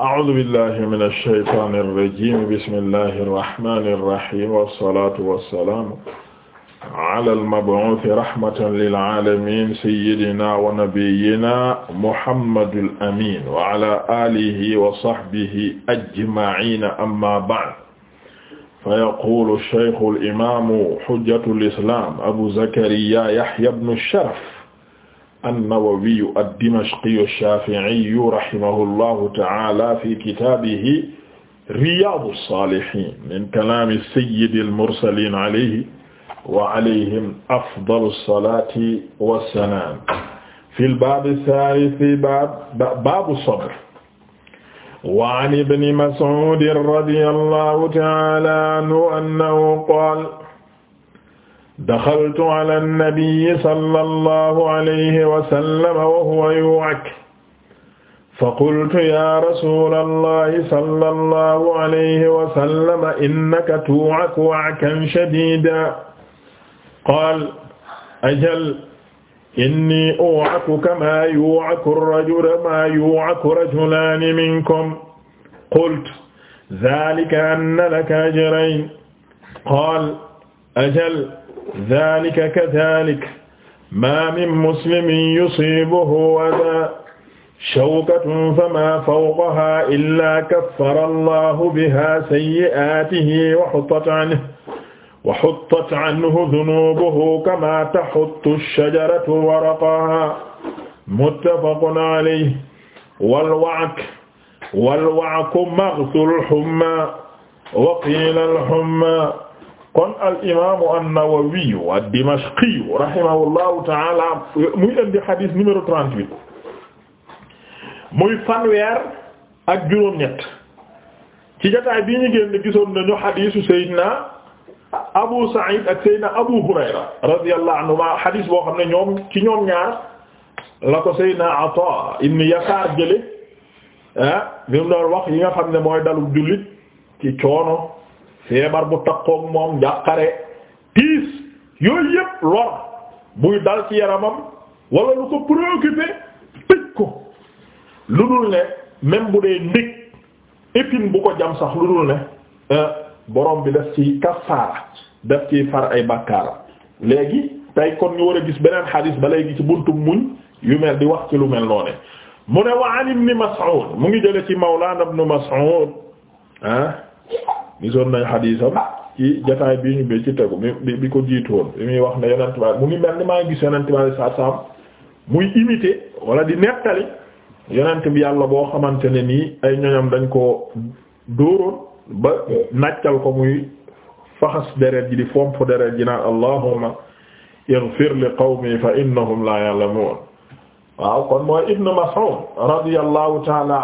أعوذ بالله من الشيطان الرجيم بسم الله الرحمن الرحيم والصلاة والسلام على المبعوث رحمة للعالمين سيدنا ونبينا محمد الأمين وعلى آله وصحبه أجمعين أما بعد فيقول الشيخ الإمام حجة الإسلام أبو زكريا يحيى بن الشرف an-Nawawiyu ad-Dimashqiyu ash-Shafi'iyu rahimahullahu ta'ala fi kitabihi Riyadu as-Salihin min kalami sayyidil mursalin alayhi wa alayhim afdalu as-salati was-salam fil bab ath-thalith bab babu sabr wa an ibn Mas'ud radiyallahu ta'ala anhu annahu qala daxaltu ala nabiyyi sallallahu alayhi wa sallam wa huwa yu'ak faqultu ya rasulallahi sallallahu alayhi wa sallam innaka tu'aku wa'kan shadiidan qaala ajal inni u'aku kamaa yu'aku rajulu maa yu'aku rajulaani minkum qultu dhaalika anna laka ajrayn qaala ajal zaalika kazaalika maa min muslimin yusiibuhu wadaa shawkatun famaa fawqahaa illaa kaffara Allaahu bihaa sayyi'aatihi wa huttat anhu wa huttat anhu dunuubuhu kamaa tahuttu ash-shajaratu waraqahaa muttafaqun alayhi wal wa'ku wal wa'ku maghsul hummaa wa qiila al hummaa kon al imaamu an-Nawawiyu ad-Dimashqiyu taala muy indi xadis numéro 38 muy fanweer ak juróom-ñett ci jotaay bi ñu génn gisoon nañu xadisu Seydina Abu Saïd ak Seydina Abu Hurayra radiyallahu anhuma xadis boo xam ne ñoom ci ñoom ñaar la ko Seydina Ata ibn Yasaar jële ah mu doon wax yi nga xam ne mooy dalub jullit ci coono. feebar bu takkook moom njàqare tiis yooyu yépp lor buy dal ci yaramam wala lu ko préoccupé tëj ko lu dul ne même bu dee ndig épine bu ko jam sax lu dul ne euh, boroom bi daf ci kafaara daf ci far ay bàkkaara léegi tey kon ñu war a gis beneen xadiis ba léegi ci buntu muñ yu mel di wax ci lu mel noone mu ne wa an ibn Mas'ud mu ngi jële ci Mawlana ibn Mas'ud ah gisoon nañ xadiisam ci jataay bi ñu bi ci tegu bi bi ko jiitoon bi muy wax ne yonent bi mu ngi mel ni maa gis yonent bi sallallahu muy imité wala di nettali yonent bi yàlla boo xamante ne nii ay ñoñam dañ ko dóoroon ba nàccal ko muy faxas deret ji di fomp deret ji naan allahumma ighfir li qawmi fa innahum la ya'lamun waaw kon mooy ibnu Mas'ud radiyallahu ta'ala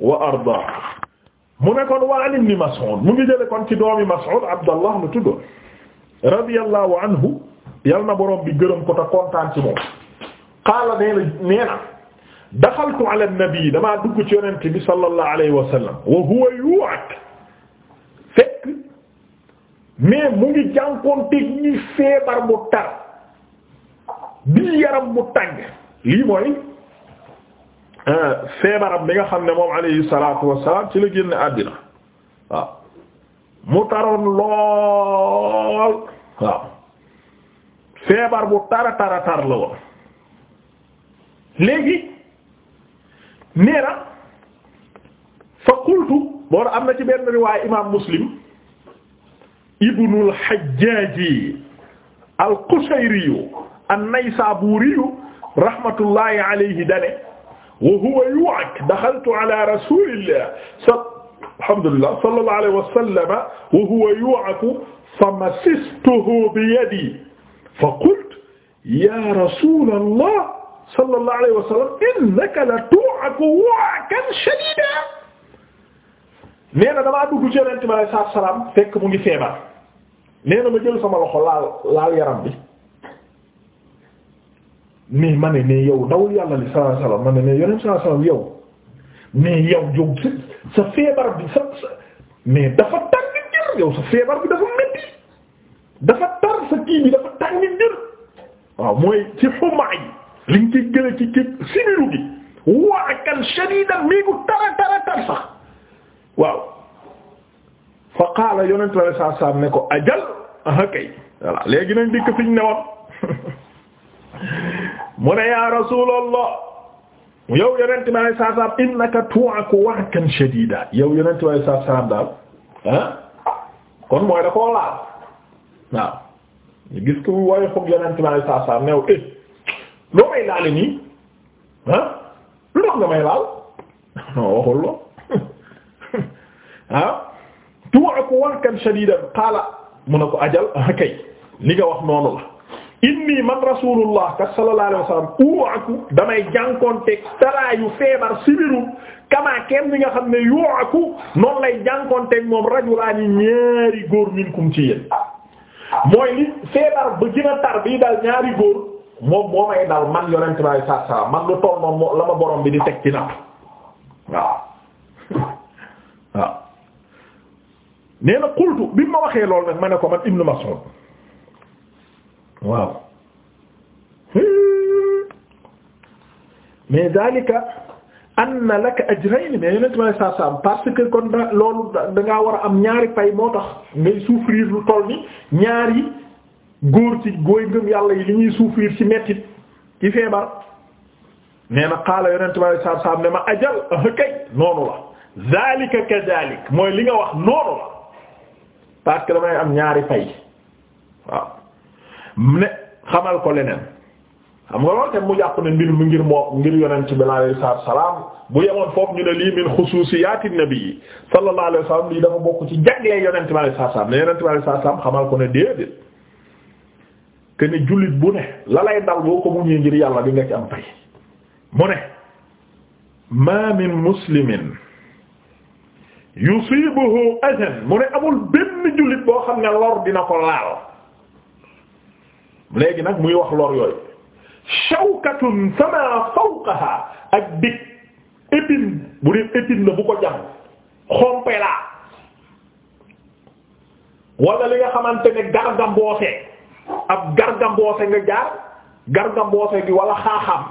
wa arda mu ne kon wa an ibn Mas'ud mu ngi jële kon ci doomi Mas'ud Abdallah lu tuddoon radiyallahu anhu yal na boroom bi gërëm ko te kontaan ci moom qaala nee na ala nabi damaa dugg ci yonent bi sallallahu alayhi wa sallam wa huwa yu'ak fekk mais mu ngi jànkoonte ñi feebar bu tar bi yaram bu tàng lii mooy Euh, feebaram bi nga xam ne moom alayhi salaatu wassalaam ci la génne àddina waaw mu taroon lool waaw feebar bu tara tara tar la woon léegi nee na fa qultu boor am na ci benn riwaay imaam muslim ibnul hajjaaji al qushayriyu an naysaburiyu rahmatullahi alayhi dane wa huwa yu'ak daxaltu ala rasulillah sa alhamdulillah sallallahu alayhi wa sallam wa huwa yu'ak famasistuhu bi yadi fa qultu ya rasulallah sallallahu alayhi wa sallam innaka la tu'aku wa'kan shadidan nee na damaa dugg ci Yonent bi alayhi salaam fekk mu ngi feebar nee na ma jël sama loxo laal laal yaram bi. mais ma ne yow dawul yàlla li sallallahu alayhi wasallam ne yow mais yow jóg sa feebar bi sa sa mais dafa tàng jër yow sa feebar bi dafa metti dafa tar sa kii dafa tàng jër waaw mooy ci xumaa yi liñ ci gële ci ci similu gi waakan shadidan mii ku tara tara tar sax waaw fa qaala yonent sallallahu alayhi wasallam ne ko ajal aha kay voilà léegi nañ dikk fiñ ne woon mu ne yaa rasuulallah yow yonent bi alayhi salaam innaka tu'aku wa'kan shadiida yow yonent bi alayhi salaam daal ah, kon mooy da koo laal waaw eh, loo may laale nii ah nga may laal non waxul loo ah tu'aku wa'kan qaala mu ne ajal ah, kay li wax noonu inni man rasulullah ka sallallahu alayhi wa sallam uuaku damay jànkoonteeg taraayu feebar sibiru kama bi nga xam ne yuaku noonu lay jànkoonteeg moom rajulaani ñaari góor minkum ci yéen mooy li feebar ba gën a tar bii daal ñaari góor moom moo may dal man yonent baay saa saa man lu toll noonu la ma borom bi di teg ci napp waaw waaw nee na qultu bi ma waxee loolu nag ma ne ko man ibnu Mas'ud waaw mais dalika anna laka ajrayn mais yonent ma saa parce que kon da loolu da ngaa war a am ñaari pay moo tax ngay souffrir lu toll ni ñaari góor ci góoy ngëm yàlla yi li ñuy souffrir ci mettit ci feebar nee na a yonent ma saa saam ne ma ajal ah, kay noonu la zalika kadalik mooy li nga wax noonu la parce que damay am ñaari pay waaw ne xamal ko leneen xam nga loolu te mu jàpp ne mbir mu ngir moo ngir yonent bi alayhi salaam bu yemoon foofu ñu ne lii min xusuusiyaati nabi sallallahu alayhi wa lii dafa bokk ci jagleel yonent bi alayhi salaam ne yonent bi alayhi salaam xamal ko ne déedéet que jullit bu ne la lay dal boo ko muñee ngir yàlla di nga ci am fay mu ne ma muslimin yusibuhu adan mu ne amul benn jullit boo xam ne lor dina ko laal léegi nag muy wax lor yooyu shawkatun sama fawqaha ak dig épine bu dee épine la bu ko jam xompe la wala li nga xamante ne gargamboose ab gargamboose nga jaar gargamboose gi walla xaaxam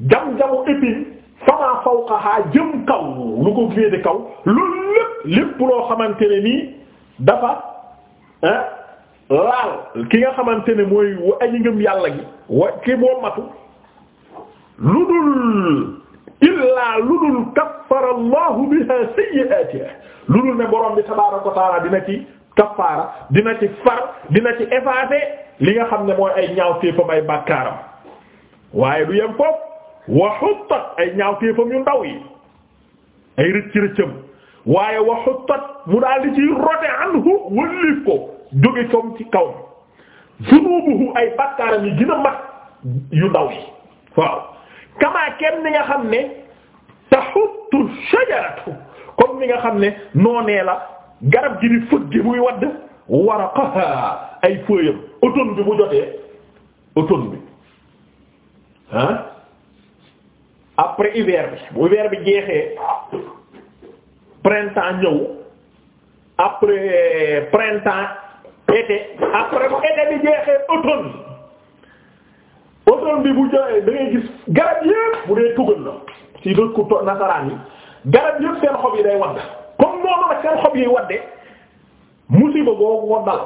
jam-jamu épine sama fawqaha jëm kaw lu ko féete kaw loolu lépp lépp loo xamante ne nii dafa laal ki nga xamante ne mooy a ngëm yàlla gi wa ki moo matu lu dul illaa lu dul kaffara allahu biha sayyi'atihi lu dul ne borom bi tabaaraka wa dina ci kaffaara dina ci far dina ci effacer li nga xam ne mooy ay ñaawteefam ay bàkkaaram waaye du yem foofu wa huttat ay ñaawteefam yu ndaw yi ay rëcc rëccam waaye wa mu daal di ciy rote anhu wëlliif ko jóge comme ci kaw zunubuhu ay bakkaaram yi gën mag yu ndaw yi waaw kamaa kenn ni nga xam ne tahuttu shajaratu comme ni nga xam ne noonee la garab gi di fëgge muy wadd waraqaha ay fëyam automne bi bu jotee automne bi ah après hiver bi hiver bi jeexee printemps ñëw après printemps été après bu été bi jeexee automne automne bi bu joxee da gis garab yépp bu dee tugal la ci dëkku nasaraan yi garab yépp seen xob yi day wadd comme noonu nag seen xob yi wadde musiba boobu moo dal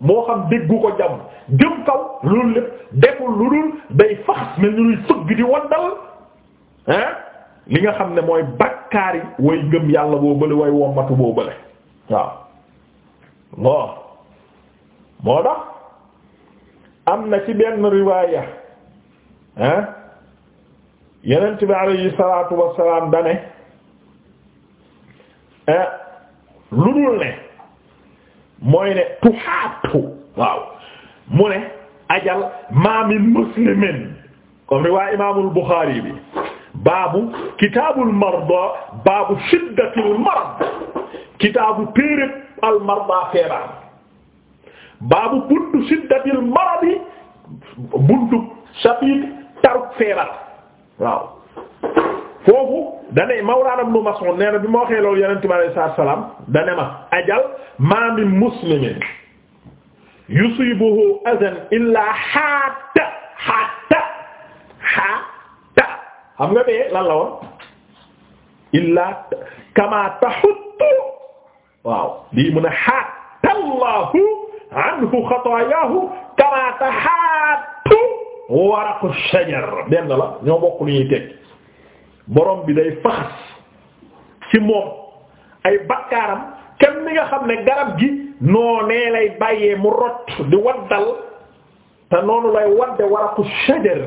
moo xam déggu ko jam jëm kaw loolu lépp deful lu dul day fax mel ni luy fëgg di waddal hein li nga xam ne mooy bakkaari way ngëm yàlla boo bële way wommatu boo bële waaw moo tax am na ci benn riwaaya ah yonent bi alayhi salaatu wassalaam dane lu dul ne mu ne ajal ma min muslimin comme riwaaya imaamul Buxaari bi baabu kitaabul marda baabu shiddatil marad kitaabu téereb al marda baabu buntu siddatil maradi buntu chapitre taruk feebar waaw foofu dane mawlaana ibnu Mas'ud nee na bi ma waxee loolu yonent bi alayhi salaatu wa salaam dane ma ajal maa min muslimin yusibuhu azan illaa hatta hatta hatta xam nga bee lan la woon illaa kama tahuttu waaw lii mun a hatta Allahu anhu xataayaahu kamaa tahaatu waraqu shajar benn la ñoo bokk lu ñuy teg borom bi day faxas ci moom ay bakkaaram kenn mi nga xam ne garab gi noonee lay bàyyee mu rot di waddal te noonu lay wadde waraqu shajar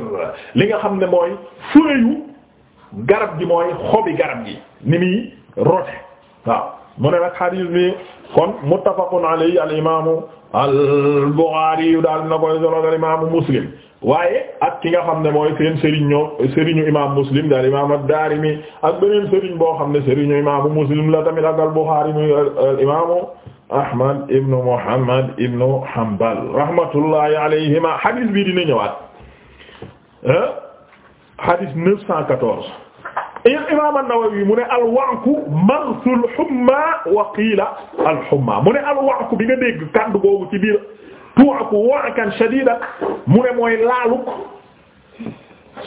li nga xam ne mooy fureyu garab gi mooy xobi garab gi ni muy rote waaw mu ne nag xadiis bi kon muttafaqun alayhi al imaamu al-Bukhari yu daal na solo daal imaamu Muslim waaye ak ki nga xam ne mooy seen sëriñ ñoo sëriñu imaam Muslim daal imaam ad-Daarimi ak beneen sëriñ boo xam ne sëriñu imaamu Muslim la tamit ak al-Bukhari muy euh, imaamu Ahmad ibn Muhammad ibn Hanbal rahmatullahi alayhima hadith bi dina ñëwaat hadith 914 imaam an-Nawawi mu ne al-wa'ku maghsul humma wa qiila al-humma mu ne al-wa'ku bi nga dégg kàddu googu ci biir tu'aku wa'kan shadiidan mu ne mooy laaluk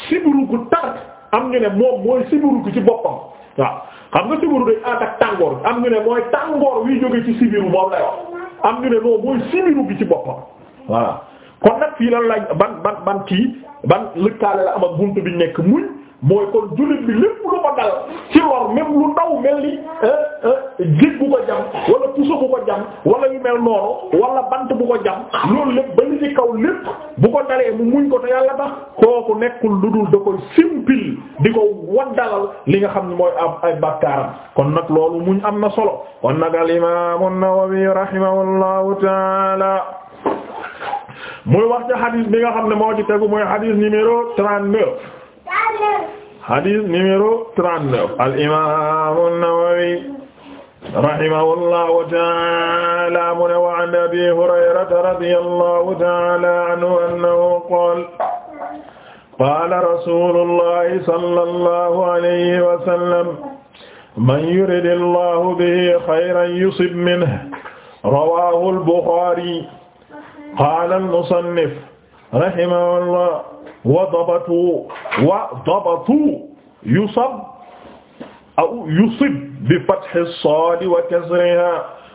siburu am ñu ne moom mooy ci boppam waaw nga sibiru day ànd ak tàngoor am ñu ne mooy tàngoor wiy jóge sibiru moom lay am ñu ne mooy sibiru gi ci boppam waa kon nag fii lan lañ ban ban ban kii ban lëkkaale la am ak bi nekk muñ mooy kon jullit bi lépp lu ko dal ci lor même lu ndaw mel ni euh, euh, jig bu ko jam wala puso bu ko jam wala yu mel noonu wala bant bu ko jam loolu lépp ba li ci kaw lépp bu ko dalee mu muñ ko te yàlla tax kooku nekkul lu dul da koy simpil di ko waddalal li nga xam ne mooy ab ay bakkaaram kon nag loolu mu am na solo kon nag al imaam an-Nawawi muy wax ci hadith bi nga xam ne moo ci tegu mooy hadith numéro 39 hadis numéro 39 al imam an-Nawawi rahimahullahu ta'ala mu ne wa an abi hurayrata radiyallahu ta'ala anhu annahu qala qala rasulullahi sallallahu alayhi wa sallam man yuridillahu bihi khayran yusib minhu rawahu al-Bukhari qala al-musannif rahimahullah wa dabatu wa dabatu yusab aw yusib bi fathi saad wa kasriha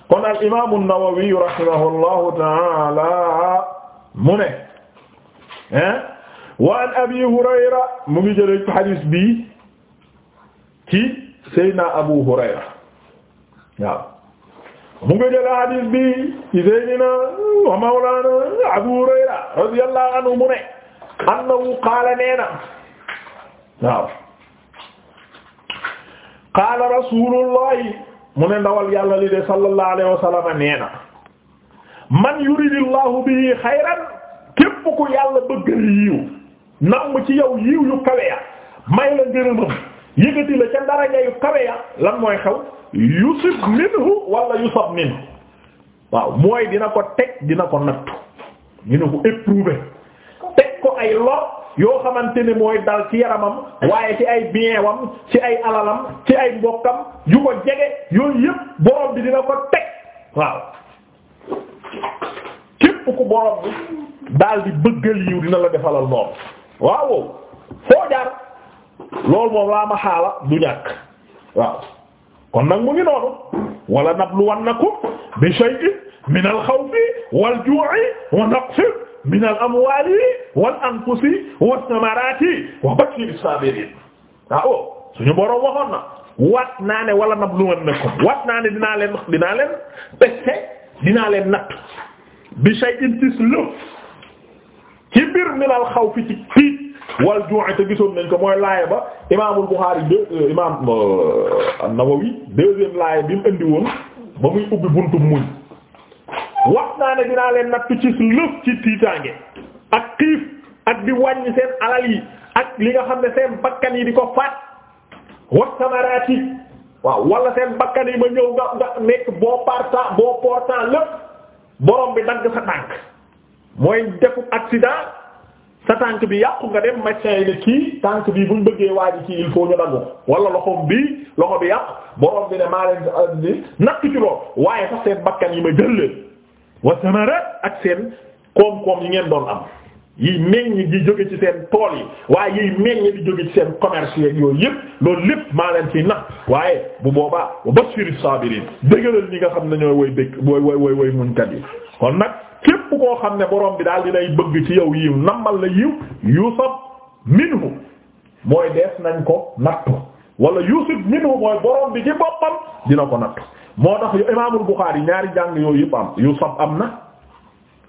kon al imam an-Nawawi rahimahullahu ta'ala mu ne ah wa an abi Hurayra mu ngi jëlee ci hadis bi ci Seydina Abu Hurayra waaw mu ngi jëlee hadis bi ci Seydina wa mawlana Abu Hurayra radiyallahu anhu mu ne annahu qaala nee waaw qaala rasulullahi mu ne ndawal yàlla li de sallallahu alayhi wa sallam nee na man yuridillahu bihi xayran képp ku yàlla bëggal yiiw namm ci yow yiiw yu kawe ya may la ngërëmam yëgati la ca daraja yu kawe ya lan mooy xew yusib minhu wala yusab minhu waaw mooy dina ko teg dina ko nattu dina ko éprouver teg ko ay lor yoo xamante ne mooy dal ci yaramam waaye ci ay bien wam ci ay alalam ci ay mbokkam yu ko jege yooyu yëpp borom bi dina ko teg waaw képp ku borom bi daal di bëggal yiw dina la defalal noonu waaw foo jaar loolu moom laa ma xaala du ñàkk waaw kon nag mu ngi noonu wala nabluwannakum bi shay'in min al-khawfi wal-ju'i min al amwaali wal anfusi was samaraati wa bashiri saabiriin waaw ah, oh, suñu boroom waxoon na waat naa ne wala nabluwannakum waat naa ne dinaa leen dinaa leen peste dinaa leen natt bi shay'in tis lëf ci biir min al xawfi ci tiit wal ju'i te gisoon nañ ko mooy laaya ba imaamul Buxaari deux imaam euh, an-Nawawi deuxième laaya bi mu indi woon ba muy ubbi buntu muñ wax naa ne dinaa leen nattu ci lëf ci tiitaange ak xiif ak di wàññi seen alal yi ak li nga xam ne seen bakkan yi di ko faat wax samaraat waaw wala seen bakkan yi ma ñëw nga nekk boo partant boo portant lépp borom bi dagg sa tànk mooy defu accident sa tànk bi yàqu nga dem médecin yi ne kii tànk bi buñ bëggee waaji ci il faut ñu daggu wala loxoom bi loxo bi yàq borom bi ne maa leen di natt ci lool waaye sax seen bakkan yi ma jël leen wa samarat ak seen koom-koom yi ngeen doon am yiy meññ gi jóge ci seen tool yi waaye yiy meññ di jóge ci seen commerce yooyu yëpp loolu lépp maa leen ciy nax waaye bu boobaa wa bashiri saabiriin dëgëral ñi nga xam ne ñooy woy dëkk woy woy woy woy muñkat yi kon nag képp koo xam ne boroom bi daal dinay bëgg ci yow yiw nambal la yiw yusuf minhu mooy dees nañ ko nattu wala yusuf minhu mooy borom bi ci boppam dina ko nattu moo tax yu imaamul Buxaari ñaari jàng yooyu yëpp am Yusuf am na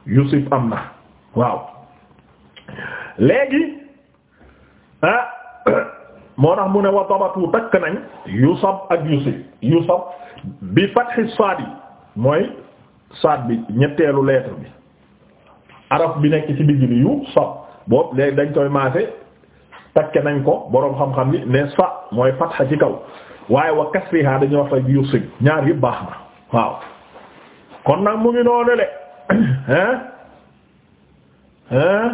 Yusuf am na waaw léegi ah moo tax mu ne wa wu takk nañ yu Yusuf ak yu yu Yusuf bi fathi saad yi mooy saad bi ñetteelu lettre bi arab bi nekk ci digg yu Yusuf boobu léegi dañ koy maase takk nañ ko boroom xam-xam ni ne mooy fatha ci kaw waaye wa kasriha dañu wax rek yusib ñaar yëpp baax na waaw mu ngi noonu le hein hein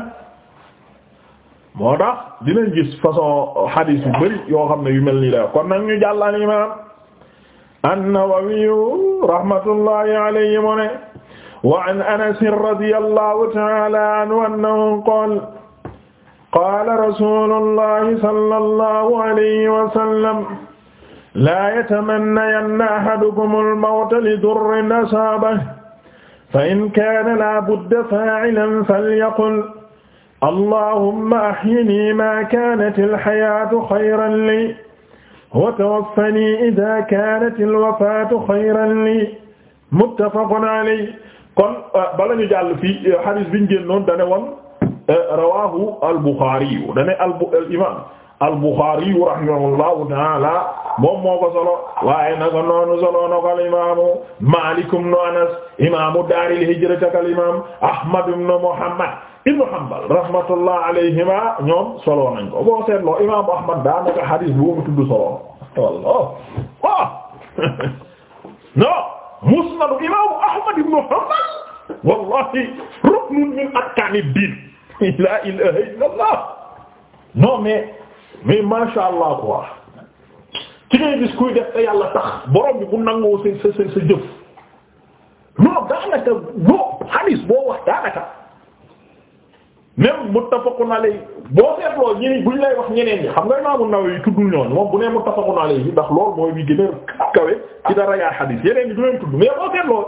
moo tax dinañ gis façon xadiis yu bari yoo xam ne yu mel nii la kon al imaam an-Nawawi rahmatullahi alayhi mu ne wa an Anas radiyallahu ta'ala anhu annahu qaala qaala rasuulullahi sallallahu alayhi wa sallam laa yatamannayanna ahadukumul mawta li durrin asaabahu fa in kaana laa budda faa'ilan falyaqul allahumma ahyinii maa kaanatil hayaatu xayran lii wa tawaffanii idaa kaanatil wafaatu xayran lii muttafaqun alayhi kon euh, bala ñu jàll fii euh, hadiis bi ñu génnoon dane woon euh, rawaahu al-Buxaari dane al imaam al-Bukhari rahimahullahu ta'ala moom moo ko solo waaye naka noonu solo na ko al imaamu Maalik ibn Anas imaamu daaril hijra ak al imaam Ahmad ibn Muhammad ibn Hanbal rahmatullah alayhima ñoom solo nañ ko boo seetloo imaamu Ahmad daanaka hadis bu mu tudd solo wallah ah non musnadu imaamu Ahmad ibn Hanbal wallahi ruknun min arkaani diin la ilaha illallah non mais mais masha allah quoi ci ngay gis kuy def te yàlla tax borom bu nangoo sa sa sa daanaka boo xadis boo wax daanaka même muttafaqun alayhi boo seetloo ñi buñ lay wax ñeneen ñi xam nga Imam An-Nawawi tuddul ñoon moom bu nee muttafaqun alayhi ndax loolu mooy bi gën a kawe ci dara yaa xadis yeneen ñi du leen tudd mais boo seetloo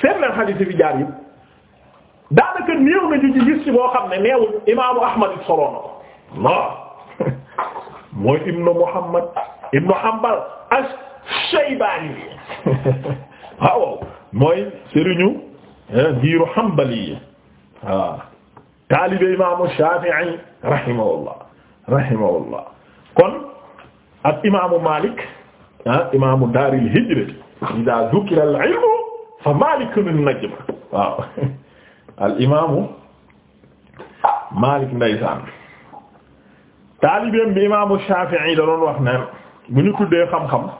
seet leen xadis yi fi jaar yi daanaka néew na ñu ci gis boo xam ne neewul imaamu Ahmad solo na ko non. mooy ibnu Muhammad ibnu Hanbal ash-Shaybani waaw mooy sëriñu eh, giiru Hanbali yi waaw taalibe imaamu Shafi'i rahimahullah rahimahullah kon ak imaamu Malik ah imaamu daaril hijra idaa dhukira al-ilmu fa Maalikun an-najm waaw al imaamu Malik ndeysaan taalibeem bi imaamu Shafi'i da wax ne bu ñu tuddee xam-xam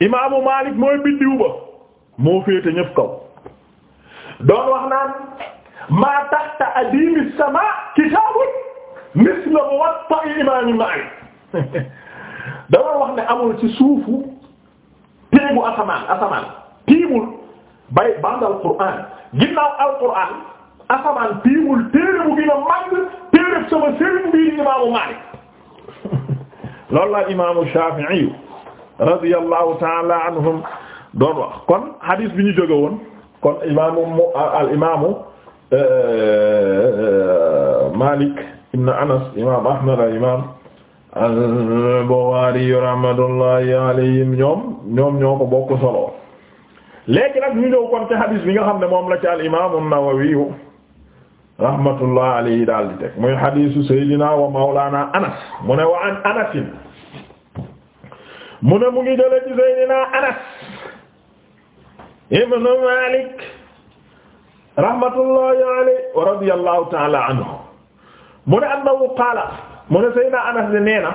imaamu Maalik mooy biddiw ba moo féete ñëpp doon wax naan maa tahta adiimi samaa kitaabun mislu muwatta'i imaami Maalik da wax ne amul ci suufu teegu asamaan asamaan tiimul bay bandal Qur'aan ginnaaw al Qur'aan asamaan tiimul téere bu gën a màgg téere sama sëriñ bi imaamu Maalik loolu la imaamu Shaafi'i radiyallahu ta'ala anhum doon wax kon hadith bi ñu jóge woon kon imaamu mu al imaamu euh, Maalik ibn Anas imaam Ahmad al imaam al-Bukhari rahmatullahi alayhim ñoom ñoom ñoo ko bokk solo léegi nag ñu ñëw kon ci hadith bi nga xam ne moom la ci al imaamu Nawawi rahmatullah alayhi daal di teg muy xadiisu saydina wa mawlana anas mu ne wa an anasin mu ne mu ngi jële ci saydina anas ibnu malik rahmatullahi alayhi wa radiyallahu ta'ala anhu mu ne annahu qaala mu ne saydina anas de neena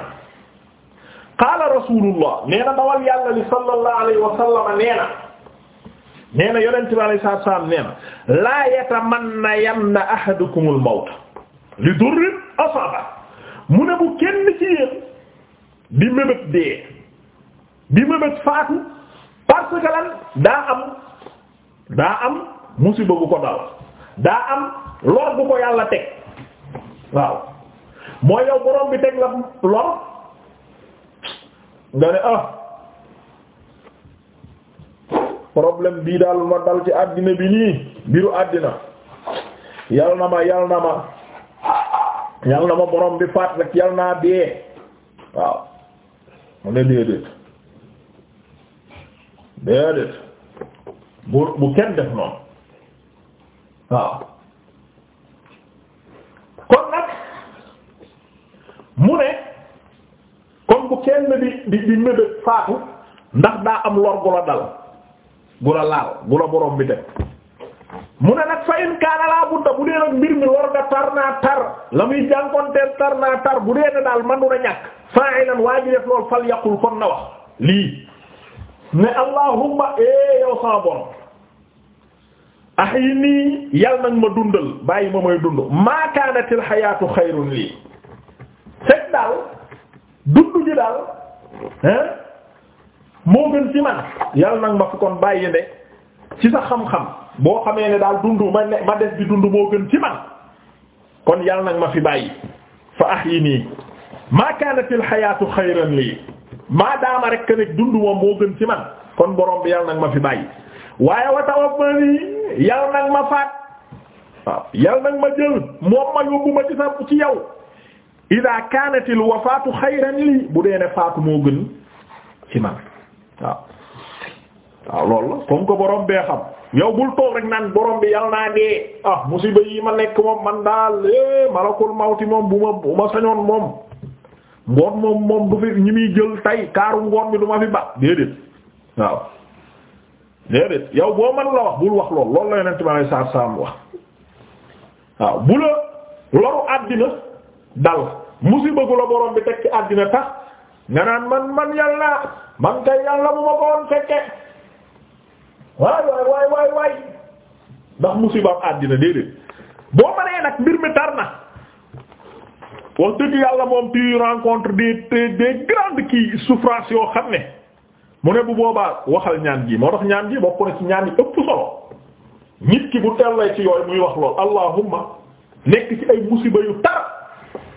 qaala rasulullah neena dawal yàlla li sallallahu alayhi wa sallam neena nee na yonent bi alayhi salaatu salaam nee na laa yatamanna yanna ahadukumul mawt li durrin asaba mu ne bu kenn ci yéen di mébét dee di mébét faatu parce que lan daa am daa am musiba bu ko dal daa am lor bu ko yàlla teg waaw mooy yow borom bi teg la lor nga ne ah problème bii daal ma dal ci àddina bi nii biiru àddina yal na ma yal na ma yal na ma borom bi faat rek yal naa dee waaw mu ne déedéet déedéet bu bu kenn def noonu waaw kon nag mu ne kon bu kenn di di di mébét faatu ndax daa am lor la dal bu la laal bu la borom bi teg mu ne nag fa in kaana laa budda bu dee nag mbir mi war nga tar naa tar la muy jànkonteel tar naa tar bu dee ne daal man du na ñàkk fa'ilan waa ji def lool fal yaqul kon na wax lii ne allahumma ee eh, yow sama borom ahyini yal nag ma dundal bàyyi ma may dund maa kaanatil xayaatu xayrun lii fekk daal dund ji daal hein moo gën ci man yàlla nag ma fi kon bàyyi ne ci sa xam-xam boo xamee ne daal dund ma ne ma des di dund moo gën ci man kon yàlla nag ma fi bàyyi fa ahyini ma kanat al xayran lii maa daama rek nekk dund moom moo gën ci man kon borom bi yàlla nag ma fi bàyyi waaye wa tawaffani yàlla nag ma faat waaw yàlla ma jël moom ma yóbbu ma ci sa ci yow ida kanat al wafatu xayran lii bu dee ne faatu moo gën ci man waaw waaw loolu la comme que borom bee xam yow bul toog rek naan borom bi yal naa dee ah musiba yi ma nekk moom man daal eh, malakul mawti moom bu ma bu ma sañoon moom ngoon moom moom du fi ñi muy jël tay kaaru ngoon bi du ma fi ba déedéet waaw déedéet yow boo manu la wax bul wax lool loolu la yonent bi alei saatu wax waaw bu la loru àddina dal musiba gu la borom bi teg àddina tax nga naan man man yàlla man kay yàlla bu ma ko woon fekke waay waay waay waay waay ndax musibaam àddina déedéet boo mënee nag mbir mi tar na wax dëgg yàlla moom tu rencontre des des grandes kii souffrances yoo xam ne mu ne bu boobaa waxal ñaan gi moo tax ñaan gi bokk na ci ñaan yi ëpp solo nit ki bu tellay ci yooyu muy wax lool allahumma nekk ci ay musiba yu tar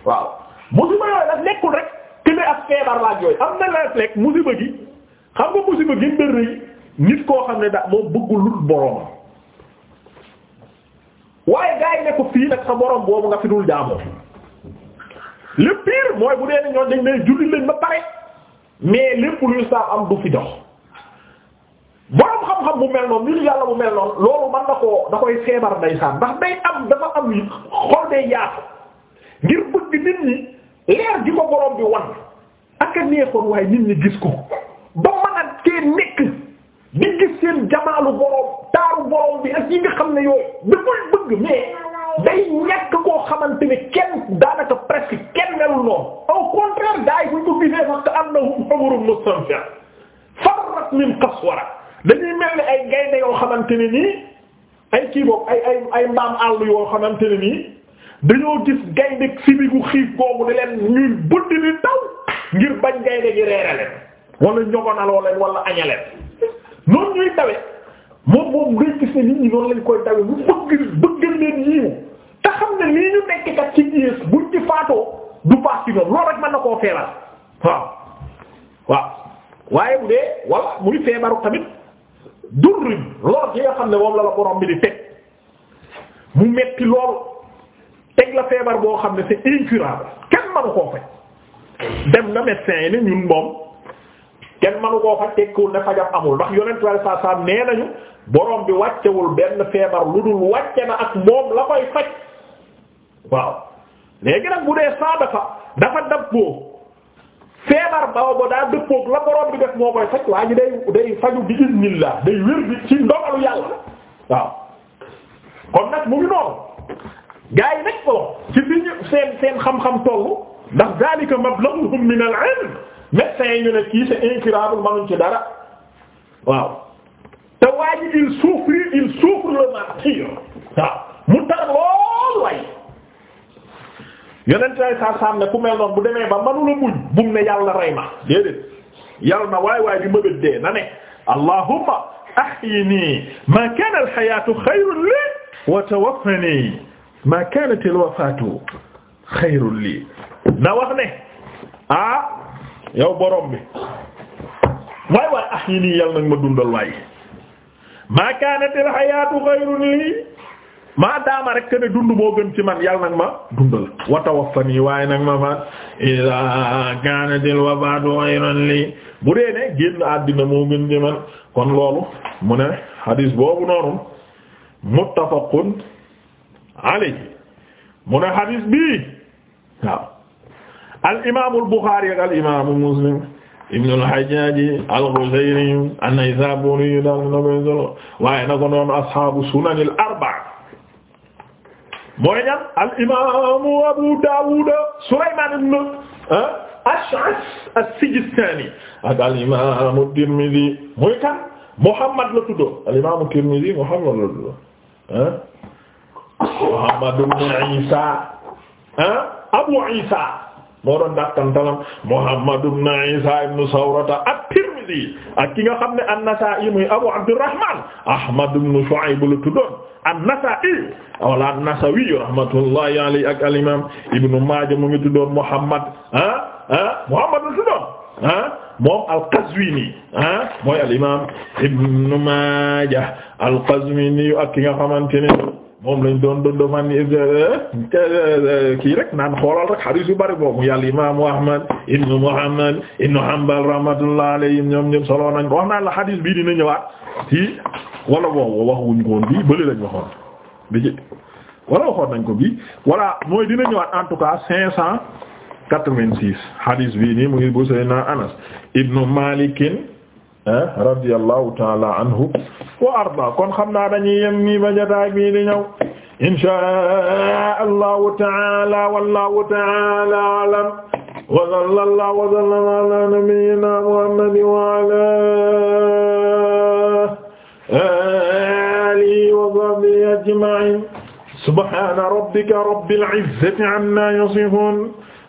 waaw musiba yooyu nag nekkul rek ak feebar laaj yooyu am na la lekk musiba gi xam nga musiba gi mbir rëy nit koo xam ne da moom bëggul lu boroomam waaye gaa yi ne ko fii nag sa borom boobu nga fi dul jaamoo le pire mooy bu ne ñoo dañ ba pare mais lépp lu sa am du fi dox boroom xam-xam bu mel noonu nit yàlla bu mel noonu loolu mën na koo da koy feebar ndeysaan ndax day am dafa am xol day yaatu ngir bëgg nit ñi leer gi ko borom bi wan ak a neexoon waaye nit gis ko ba mën a cee nekk di gis seen jamaalu borom taaru borom bi ak yi nga xam ne yow dafay bëgg mais day ñàkk koo xamante ne kenn daanaka presque kenn melul noonu au contraire daay buñ ko gisee sax ka annahum humurun mustanfir farrat min qaswara dañuy mel ni ay gaynde yoo xamante ne nii ay ci boobu ay ay ay mbaam àll yoo xamante ne nii. dañoo gis gaynde sibi gu xiit googu di leen ñuy buddi di daw ngir bañ gaynde gi reere leen wala ñogonaloo leen wala añaleen noonu ñuy dawe moom moom ngay gis ne nit noonu lañ koy dawe bu bëgg bëggal leen yiiwu te xam ne lii ñu nekk kat ci gées buñ ci faatoo du paas ci ñoom loolu na koo feebar waaw waaye bu dee walla muy feebaru tamit durrim lool ci nga xam ne moom la la borom bi di teg mu metti lool teg la feebar boo xam ne c'est incurable kenn manu koo faj dem nga médecin yi ne ñun moom kenn manu koo faj tekkiwul ne fajam amul ndax yonent wala saa saa nee nañu borom bi wàccewul benn feebar lu dul wàcce na ak moom la koy faj waaw léegi nag bu dee saa dafa dafa dëppoo feebar ba ba daa dëppook la borom bi def moo koy faj waa day day faju bi iznillah day wér bi ci ndogalu yàlla waaw kon nag mu ngi noonu gaa yi nag ko ci fi ñu seen seen xam-xam tollu ndax dalika min al-ilm yi ñu ne kii c'est incurable ci dara waaw te waa ji il souffre il le ba manula muñ yàlla rey ma na waay waay bi mëbët na ne allahumma ahyini ma kana al-hayatu khayrun li wa ma kanat al wafatu na wax ne ah yow borom bi waay waay ah yi nii yàlla nag ma dundal waay ma kanat al hayatu xayrun lii ne dund moo gën ci man yàlla nag ma dundal wa tawaffani waaye nag ma faat idaa kanat al wafatu xayrun bu dee ne génn àddina moo gën ci man kon loolu mu ne hadis boobu noonu muttafaqun alayhi mu ne xadis bi waaw al imaamu al Buxaari ak al imaamu Muslim ibnu al Hajjaaj al Qushayri an-Naysaabuuri daal na koy solo waaye na ko noonu ashaabu sunan al arba'a mooy ñan al imaamu Abu Daawuud Sulaymaan ibn ah, Ash'as as-Sijistaani ak al imaamu Tirmidi mooy kan Muhammad la tudd al imaamu Tirmidi Muhammad la tudd ah. Muhammad ibn Isa ah Abu Isa moo doon dàqantalam Muhammad ibn Isa ibn Sawrata at-Tirmidhi ak ki nga xam ne an-Nasa'i muy Abu Abdurrahman Ahmad ibn Shu'ayb la tuddoon an-Nasa'i wala an-Nasawi rahmatullahi alayhi ak al-imam Ibn Majah mu ngi tuddoon Muhammad ah ah Muhammad la tuddoon ah moom al-Qazwini ah mooy al-imam Ibn Majah al-Qazwini ak ki nga xamante ne moom lañ doon doon doon man eh, eh, kii rek naan xoolal rek xadiis yu bari boobu yàlla imaamu Ahmad ibnu Muhammad ibnu Hanbal rahmatullah alayhim ñoom ñoom solo nañ wax naan la xadiis bii dina ñëwaat ci wala boobu waxuñ ko woon bii bële lañ waxoon bi ci wala waxoon nañ ko bii voilà mooy dina ñëwaat en tout cas cinq cent quatre-vingt-six bii nii mu ngi bu Seydina Anas ibnu Malikin radiyallahu taala anhu wa arda kon xam naa dañuy yem nii ba jotaay bii di ñëw inshaa allahu taala wallahu taala alam wa sallallahu wa sallama ala nabiyyina muhammadin wa ala alihi wa sahbihi ajma'in subhana rabbika rabbil izzati amma yasifun